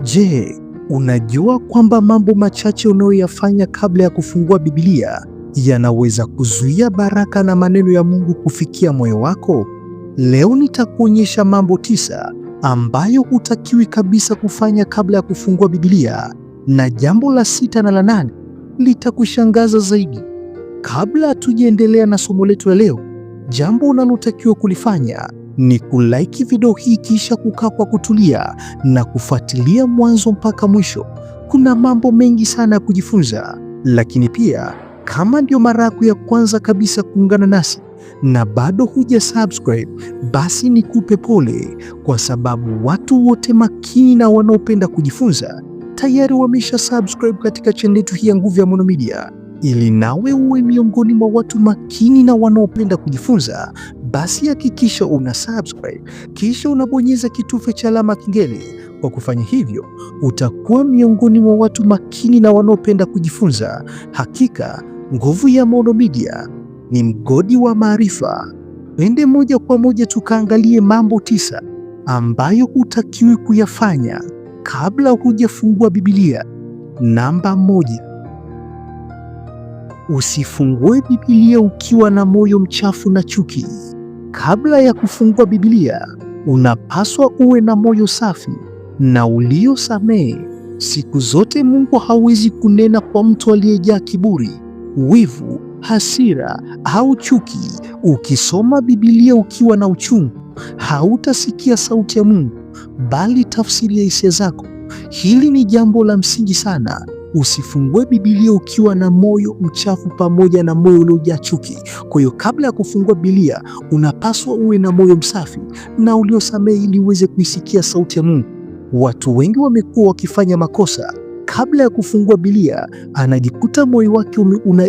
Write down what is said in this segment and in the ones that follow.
Je, unajua kwamba mambo machache unayoyafanya kabla ya kufungua Biblia yanaweza kuzuia baraka na maneno ya Mungu kufikia moyo wako? Leo nitakuonyesha mambo tisa ambayo hutakiwi kabisa kufanya kabla ya kufungua Biblia, na jambo la sita na la nane litakushangaza zaidi. Kabla hatujaendelea na somo letu la leo, jambo unalotakiwa kulifanya ni kulaiki video hii kisha kukaa kwa kutulia na kufuatilia mwanzo mpaka mwisho. Kuna mambo mengi sana ya kujifunza, lakini pia kama ndio mara yako ya kwanza kabisa kuungana nasi na bado huja subscribe, basi nikupe pole, kwa sababu watu wote makini na wanaopenda kujifunza tayari wamesha subscribe katika chaneli yetu hii ya Nguvu ya Maono Media. Ili nawe uwe miongoni mwa watu makini na wanaopenda kujifunza, basi hakikisha una subscribe kisha unabonyeza kitufe cha alama kengele. Kwa kufanya hivyo, utakuwa miongoni mwa watu makini na wanaopenda kujifunza. Hakika nguvu ya Maono Media ni mgodi wa maarifa. Twende moja kwa moja tukaangalie mambo tisa ambayo hutakiwi kuyafanya kabla hujafungua Biblia. Namba moja: Usifungue Biblia ukiwa na moyo mchafu na chuki. Kabla ya kufungua Biblia, unapaswa uwe na moyo safi na uliosamehe. Siku zote Mungu hawezi kunena kwa mtu aliyejaa kiburi, wivu, hasira au chuki. Ukisoma Biblia ukiwa na uchungu, hautasikia sauti ya Mungu, bali tafsiri ya hisia zako. Hili ni jambo la msingi sana. Usifungue Biblia ukiwa na moyo mchafu pamoja na moyo uliojaa chuki. Kwa hiyo kabla ya kufungua Biblia unapaswa uwe na moyo msafi na uliosamehe ili uweze kuisikia sauti ya Mungu. Watu wengi wamekuwa wakifanya makosa kabla ya kufungua Biblia, anajikuta moyo wake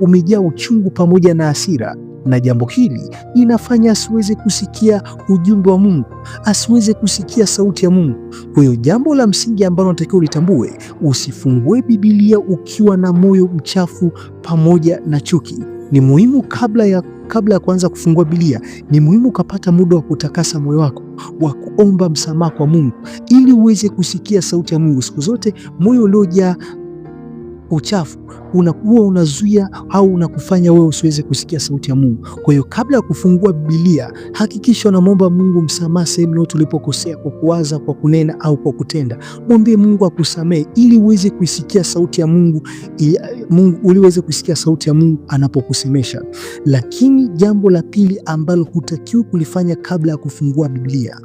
umejaa uchungu pamoja na hasira na jambo hili inafanya asiweze kusikia ujumbe wa Mungu, asiweze kusikia sauti ya Mungu. Kwa hiyo jambo la msingi ambalo natakiwa ulitambue, usifungue Biblia ukiwa na moyo mchafu pamoja na chuki. Ni muhimu kabla ya kabla ya kuanza kufungua Biblia, ni muhimu ukapata muda wa kutakasa moyo wako, wa kuomba msamaha kwa Mungu ili uweze kusikia sauti ya Mungu. Siku zote moyo uliojaa uchafu unakuwa unazuia au unakufanya wewe usiweze kusikia sauti ya Mungu. Kwa hiyo kabla ya kufungua Biblia, hakikisha unamwomba Mungu msamaha sehemu yote ulipokosea kwa kuwaza, kwa kunena au kwa kutenda. Mwambie Mungu akusamehe ili uweze kuisikia sauti ya Mungu, Mungu uliweze uweze kuisikia sauti ya Mungu anapokusemesha. Lakini jambo la pili ambalo hutakiwi kulifanya kabla ya kufungua Biblia,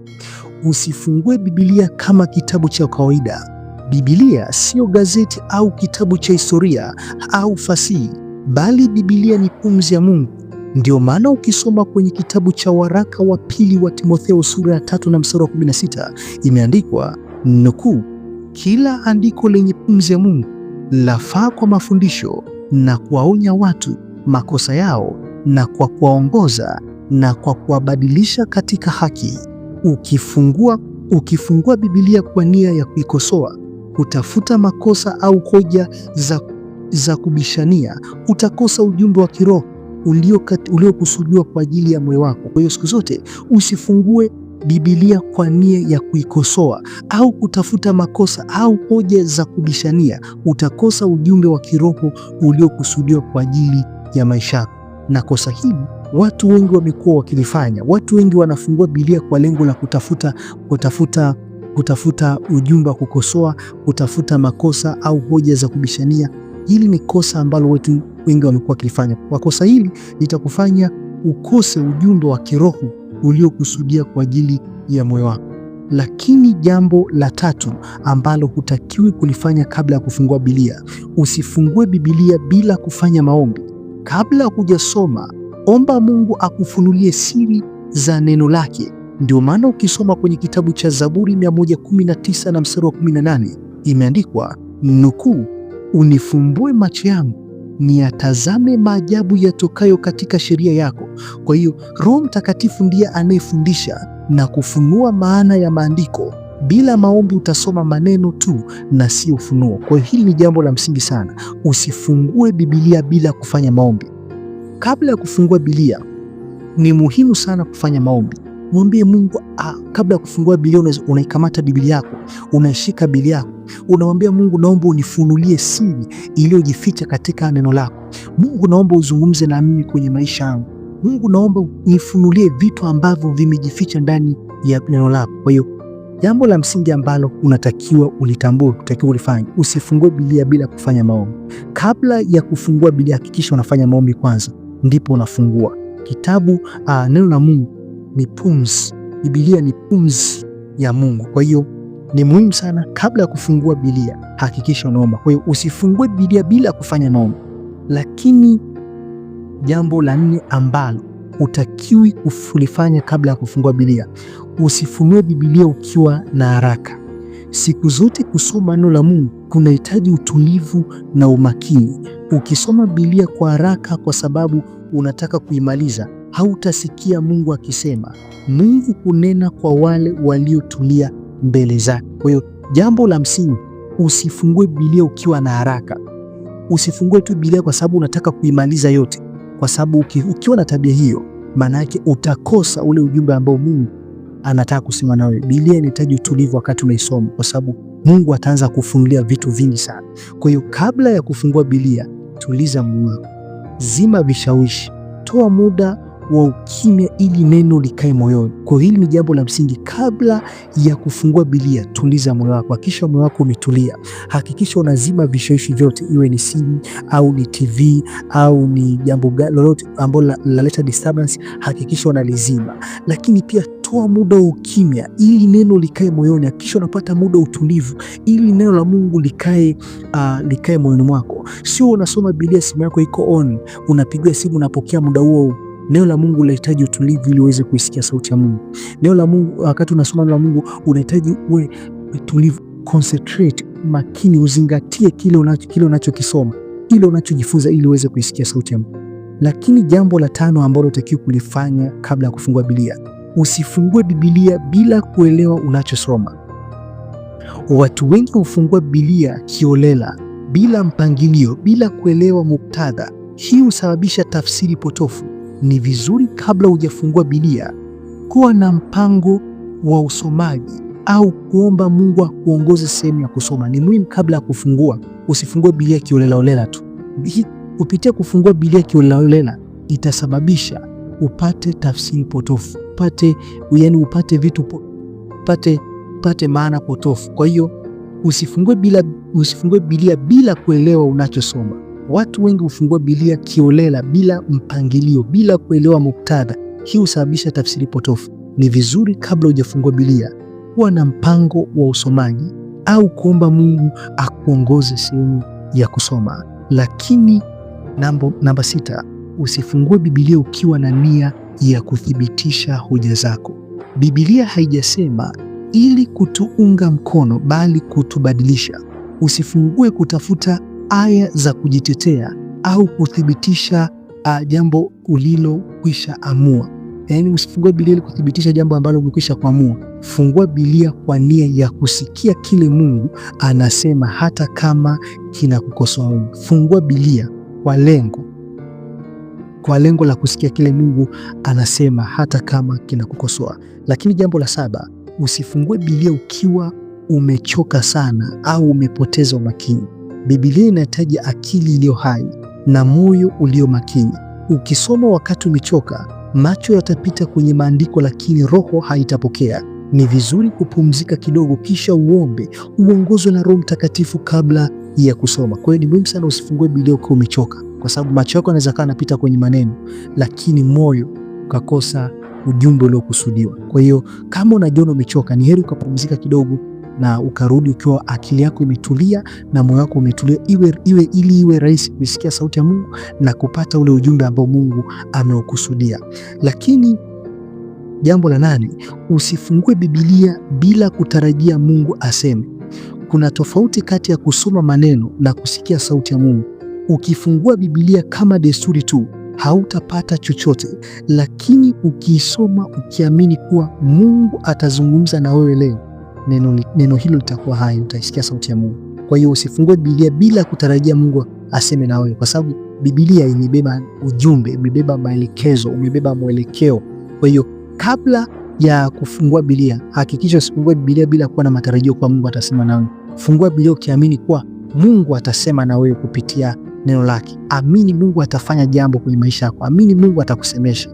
usifungue Biblia kama kitabu cha kawaida. Biblia sio gazeti au kitabu cha historia au fasihi, bali Biblia ni pumzi ya Mungu. Ndiyo maana ukisoma kwenye kitabu cha waraka wa pili wa Timotheo sura ya tatu na mstari wa 16 imeandikwa nukuu, kila andiko lenye pumzi ya Mungu lafaa kwa mafundisho na kuwaonya watu makosa yao na kwa kuwaongoza na kwa kuwabadilisha katika haki. Ukifungua ukifungua Biblia kwa nia ya kuikosoa kutafuta makosa au hoja za, za kubishania, utakosa ujumbe wa kiroho uliokusudiwa kwa ajili ya moyo wako. Kwa hiyo siku zote usifungue Biblia kwa nia ya kuikosoa au kutafuta makosa au hoja za kubishania, utakosa ujumbe wa kiroho uliokusudiwa kwa ajili ya maisha yako. Na kosa hili watu wengi wamekuwa wakilifanya. Watu wengi wanafungua Biblia kwa lengo la kutafuta kutafuta kutafuta ujumbe wa kukosoa, kutafuta makosa au hoja za kubishania. Hili ni kosa ambalo wetu wengi wamekuwa wakilifanya. Kwa kosa hili litakufanya ukose ujumbe wa kiroho uliokusudia kwa ajili ya moyo wako. Lakini jambo la tatu ambalo hutakiwi kulifanya kabla ya kufungua Biblia, usifungue Biblia bila kufanya maombi. Kabla hujasoma, omba Mungu akufunulie siri za neno lake ndio maana ukisoma kwenye kitabu cha Zaburi 119 na mstari wa 18 imeandikwa nukuu, unifumbue macho yangu niyatazame maajabu yatokayo katika sheria yako. Kwa hiyo Roho Mtakatifu ndiye anayefundisha na kufunua maana ya maandiko. Bila maombi utasoma maneno tu na sio ufunuo. Kwa hiyo hili ni jambo la msingi sana, usifungue Biblia bila kufanya maombi. Kabla ya kufungua Biblia ni muhimu sana kufanya maombi. Mwambie Mungu ah, kabla ya kufungua Biblia unaikamata Biblia yako, unashika Biblia yako, unamwambia Mungu, naomba unifunulie siri iliyojificha katika neno lako. Mungu, naomba uzungumze na mimi kwenye maisha yangu. Mungu, naomba unifunulie vitu ambavyo vimejificha ndani ya neno lako. Kwa hiyo jambo la msingi ambalo unatakiwa ulitambue, unatakiwa ulifanye, usifungue Biblia bila kufanya maombi. Kabla ya kufungua Biblia, hakikisha unafanya maombi kwanza, ndipo unafungua kitabu, ah, neno la Mungu ni pumzi. Biblia ni pumzi ya Mungu. Kwa hiyo ni muhimu sana, kabla ya kufungua Biblia hakikisha unaomba. Kwa hiyo usifungue Biblia bila kufanya maombi. Lakini jambo la nne ambalo utakiwi kulifanya kabla ya kufungua Biblia, usifunue Biblia ukiwa na haraka. Siku zote kusoma neno la Mungu kunahitaji utulivu na umakini. Ukisoma Biblia kwa haraka, kwa sababu unataka kuimaliza hautasikia Mungu akisema. Mungu kunena kwa wale waliotulia mbele zake. Kwa hiyo jambo la msingi, usifungue Biblia ukiwa na haraka. Usifungue tu Biblia kwa sababu unataka kuimaliza yote, kwa sababu ukiwa na tabia hiyo, maana yake utakosa ule ujumbe ambao Mungu anataka kusema nawe. Biblia inahitaji utulivu wakati unaisoma, kwa sababu Mungu ataanza kufungulia vitu vingi sana. Kwa hiyo kabla ya kufungua Biblia, tuliza moyo zima vishawishi, toa muda wa ukimya ili neno likae moyoni. Kwa hiyo hili ni jambo la msingi. Kabla ya kufungua Biblia, tuliza moyo wako, hakikisha moyo wako umetulia, hakikisha unazima vishawishi vyote, iwe ni simu au ni TV au ni jambo lolote ambalo linaleta disturbance, hakikisha unalizima. Lakini pia toa muda wa ukimya ili neno likae moyoni, hakikisha unapata muda wa utulivu ili neno la Mungu likae, uh, likae moyoni mwako. Sio unasoma Biblia, simu yako iko on, unapigwa simu, unapokea muda huo Neno la Mungu linahitaji utulivu ili uweze kuisikia sauti ya Mungu. Neno la Mungu, wakati unasoma neno la Mungu unahitaji uwe utulivu, concentrate, makini, uzingatie kile unachokisoma, kile unachojifunza ili uweze kuisikia sauti ya Mungu. Lakini jambo la tano ambalo utakiwa kulifanya kabla ya kufungua Biblia, usifungue Biblia bila kuelewa unachosoma. Watu wengi hufungua Biblia kiolela, bila mpangilio, bila kuelewa muktadha. Hii husababisha tafsiri potofu, ni vizuri kabla hujafungua Biblia kuwa na mpango wa usomaji au kuomba Mungu akuongoze sehemu ya kusoma. Ni muhimu kabla ya kufungua. Usifungue Biblia kiolelaolela tu. Kupitia kufungua Biblia kiolelaolela itasababisha upate tafsiri potofu, upate yani, upate vitu upate, upate maana potofu. Kwa hiyo usifungue bila usifungue Biblia bila kuelewa unachosoma. Watu wengi hufungua Biblia kiolela, bila mpangilio, bila kuelewa muktadha. Hii husababisha tafsiri potofu. Ni vizuri kabla hujafungua Biblia kuwa na mpango wa usomaji au kuomba Mungu akuongoze sehemu ya kusoma. Lakini nambo, namba sita, usifungue Biblia ukiwa na nia ya kuthibitisha hoja zako. Biblia haijasema ili kutuunga mkono, bali kutubadilisha. Usifungue kutafuta aya za kujitetea au kuthibitisha uh, jambo ulilokwisha amua. Yaani, usifungue Biblia ili kuthibitisha jambo ambalo umekwisha kuamua. Fungua Biblia kwa nia ya kusikia kile Mungu anasema, hata kama kinakukosoa Mungu. Fungua Biblia kwa lengo kwa lengo la kusikia kile Mungu anasema, hata kama kinakukosoa. Lakini jambo la saba, usifungue Biblia ukiwa umechoka sana au umepoteza umakini. Biblia inahitaji akili iliyo hai na moyo ulio makini. Ukisoma wakati umechoka, macho yatapita kwenye maandiko, lakini roho haitapokea. Ni vizuri kupumzika kidogo, kisha uombe, uongozwe na Roho Mtakatifu kabla ya kusoma. Kwa hiyo ni muhimu sana usifungue Biblia ukiwa umechoka, kwa sababu macho yako yanaweza kaa anapita kwenye maneno, lakini moyo ukakosa ujumbe uliokusudiwa. Kwa hiyo kama unajiona umechoka, ni heri ukapumzika kidogo na ukarudi ukiwa akili yako imetulia na moyo wako umetulia, iwe, iwe ili iwe rahisi kuisikia sauti ya Mungu na kupata ule ujumbe ambao Mungu ameukusudia. Lakini jambo la nane, usifungue Biblia bila kutarajia Mungu aseme. Kuna tofauti kati ya kusoma maneno na kusikia sauti ya Mungu. Ukifungua Biblia kama desturi tu hautapata chochote, lakini ukiisoma ukiamini kuwa Mungu atazungumza na wewe leo neno, neno hilo litakuwa hai, utaisikia sauti ya Mungu. Kwa hiyo usifungue Biblia bila kutarajia Mungu aseme na wewe, kwa sababu Biblia imebeba ujumbe, imebeba maelekezo, imebeba mwelekeo. Kwa hiyo kabla ya kufungua Biblia, hakikisha usifungue Biblia bila kuwa na matarajio kwa Mungu atasema wewe. Fungua Biblia ukiamini kuwa Mungu atasema na wewe kupitia neno lake. Amini Mungu atafanya jambo kwenye maisha yako, amini Mungu atakusemesha.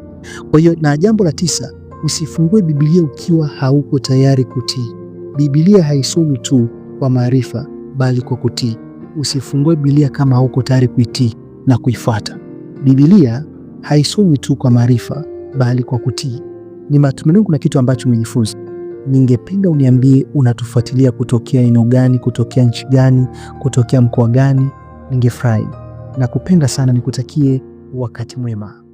Kwa hiyo, na jambo la tisa, usifungue Biblia ukiwa hauko tayari kutii. Biblia haisomi tu kwa maarifa, bali kwa kutii. Usifungue Biblia kama hauko tayari kuitii na kuifuata. Biblia haisomi tu kwa maarifa, bali kwa kutii. Ni matumaini kuna kitu ambacho umejifunza. Ningependa uniambie unatufuatilia kutokea eneo gani, kutokea nchi gani, kutokea mkoa gani? Ningefurahi na kupenda sana. Nikutakie wakati mwema.